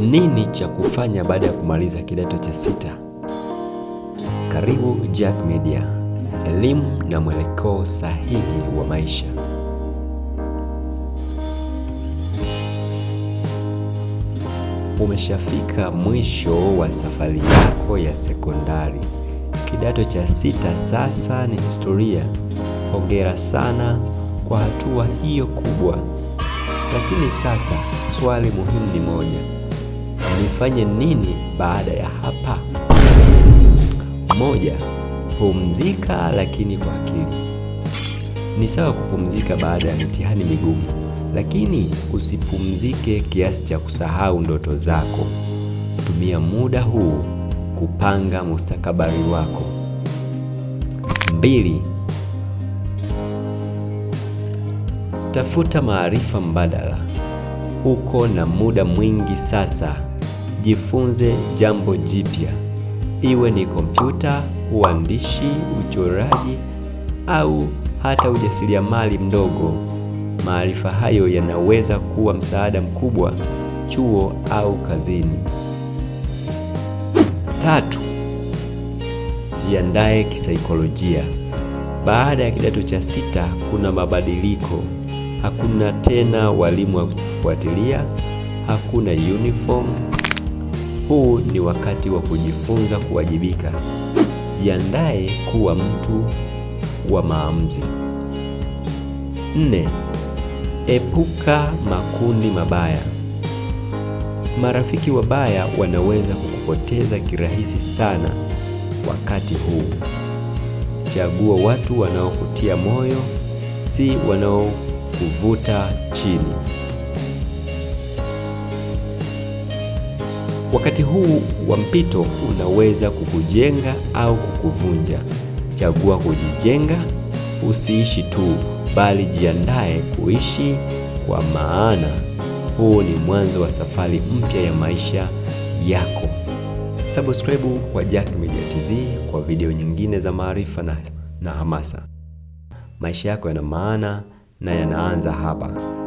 Nini cha kufanya baada ya kumaliza kidato cha sita? Karibu Jack Media, elimu na mwelekeo sahihi wa maisha. Umeshafika mwisho wa safari yako ya sekondari. Kidato cha sita sasa ni historia. Hongera sana kwa hatua hiyo kubwa, lakini sasa swali muhimu ni moja nifanye nini baada ya hapa? Moja, pumzika lakini kwa akili. Ni sawa kupumzika baada ya mitihani migumu, lakini usipumzike kiasi cha kusahau ndoto zako. Tumia muda huu kupanga mustakabali wako. Mbili, tafuta maarifa mbadala. Uko na muda mwingi sasa Jifunze jambo jipya, iwe ni kompyuta, uandishi, uchoraji au hata ujasiriamali mdogo. Maarifa hayo yanaweza kuwa msaada mkubwa chuo au kazini. Tatu, jiandae kisaikolojia. Baada ya kidato cha sita kuna mabadiliko. Hakuna tena walimu wa kufuatilia, hakuna uniform huu ni wakati wa kujifunza kuwajibika. Jiandae kuwa mtu wa maamuzi. Nne, epuka makundi mabaya. Marafiki wabaya wanaweza kukupoteza kirahisi sana. Wakati huu chagua watu wanaokutia moyo, si wanaokuvuta chini. Wakati huu wa mpito unaweza kukujenga au kukuvunja. Chagua kujijenga, usiishi tu, bali jiandae kuishi, kwa maana huu ni mwanzo wa safari mpya ya maisha yako. Subscribe kwa Jack Media TZ kwa video nyingine za maarifa na, na hamasa. Maisha yako yana maana na yanaanza hapa.